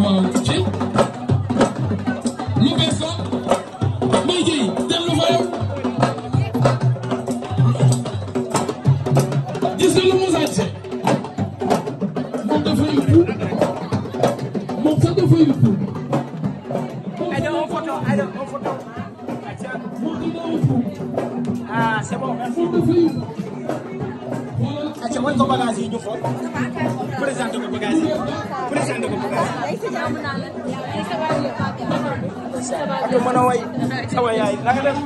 waaw ci lu bees la Mbaye Dièye dem lu fayoon gis nga lu mu sàcce moom dafa yóbbu moom sax dafa yóbbu ah c'est bon moom dafa yóbbu mën a way sama yaay na nga def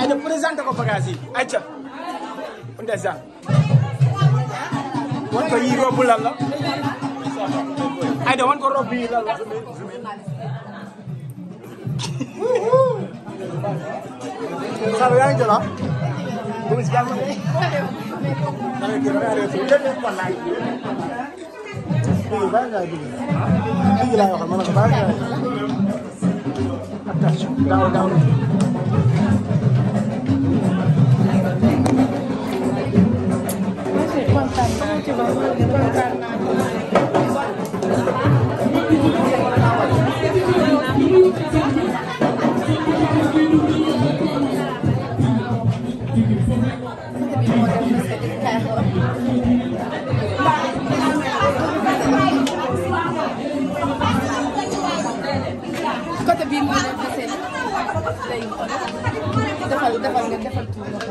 ay de présenté ko bagage yi ayca ndeysaan wan ko yi robu lan la ay de wan ko rob yi lan la xale yaa ngi jëla ah? bu léegi laay waxal ma ne ko baal laay attention daaw daaw Thank you. defal nga defal tuuti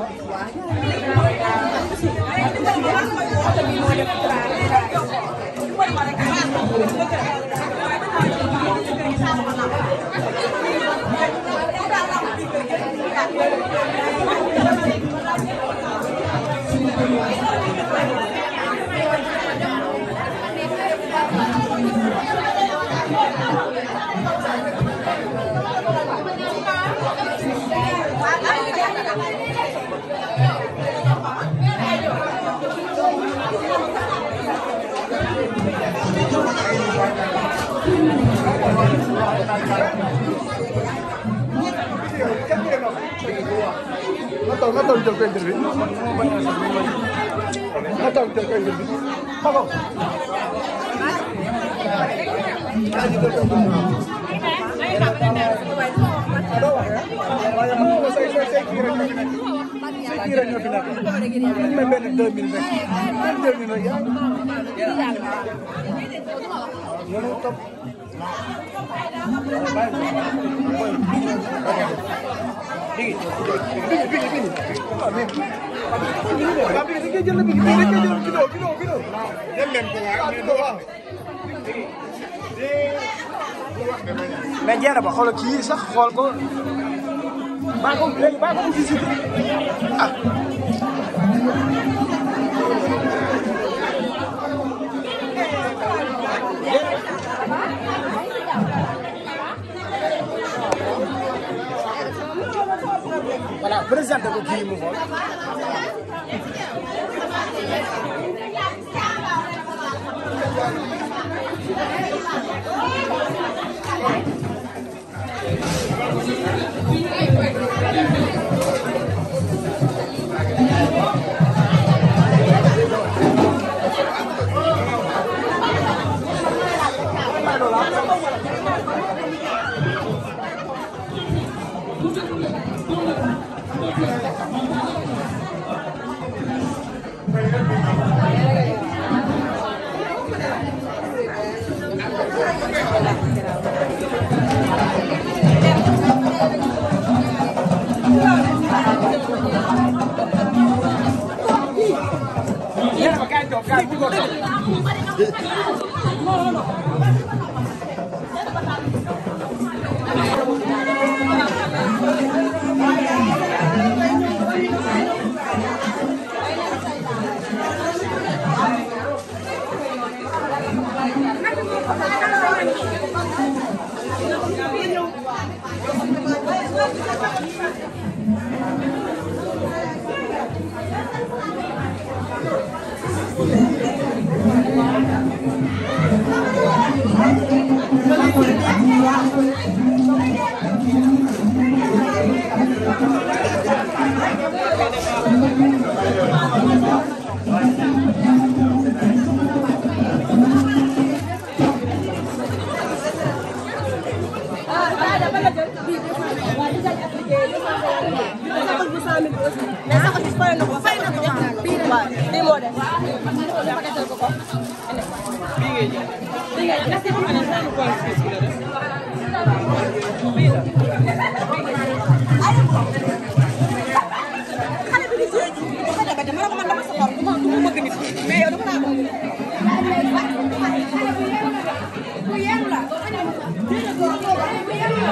toog nga toog jël ko interview nga toog jël ko interview xaw ma mais jeex na ba xoolal kii sax xool ko bàyyi ko léegi bàyyi ko mu visité ah. présenté ko kii mu xool.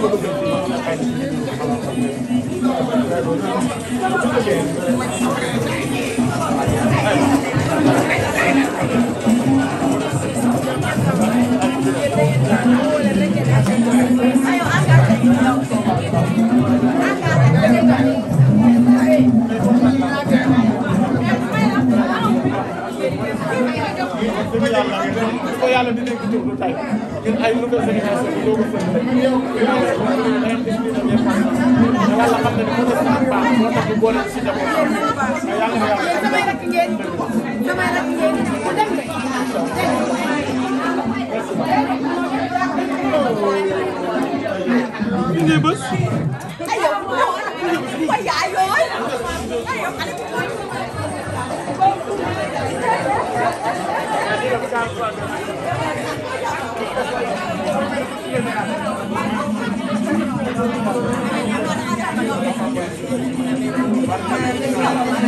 Thank you. ñun ay nouvelle génération bi doog a fële wala xam ne dafa des naan baax moo tax ñu boole ci sa bopp yàlla na yàlla Thank you. Thank you.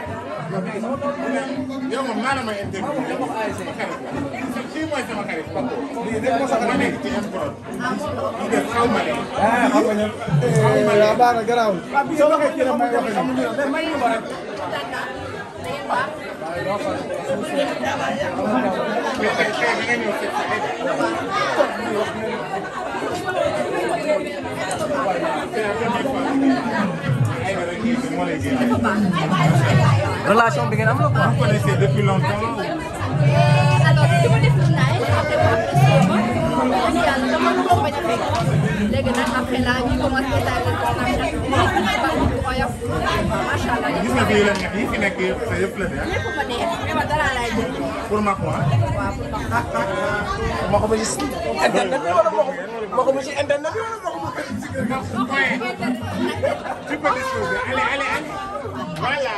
yow moom naa la may interview kii mooy sama xarit ah, lii def ko sax ma nekk ci import lii def ah, xaw ma leen xaw ma leen xaw ah, ma leen baax na garaaw soo waxee kii la may waxee mais may ñu ko rek Thank you. relation bi ngeen am la quoi. vous connaissez depuis longtemps. alors dama def lu naaj après ma wax dëgg yàlla dama ko bañ a fekk léegi nag après la ñu commencé daal di ko naan macha allah. gis nga bii la nekk yi fi nekk yëpp sa yëpp la neex. lépp ma neex dama dara laay jël. pour mag ma. waaw pour mag ma. ma ko bëri si internet bi wala ma ko ma ko bëri si internet bi wala ma ko bëri si kër gi. tu peux discuter allez allez allez voilà.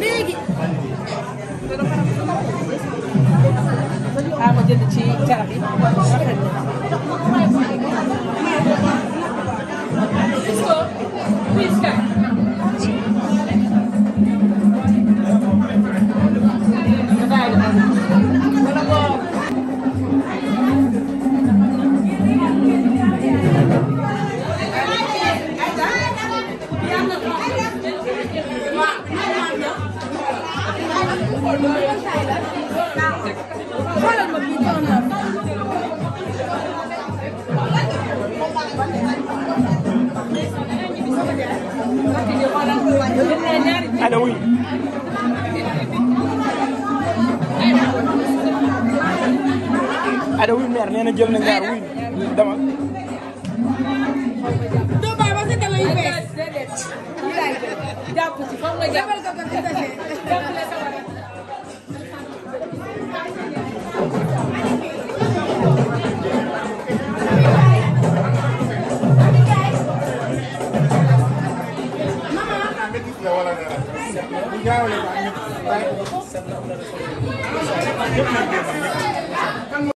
léegi. ah ma jënd ci garab yi rafet na. ne jël na ñaar wuy dama. doo bàyyi ba seetal la yu bees. jàpp ci foofu nga jàpp. Thank you.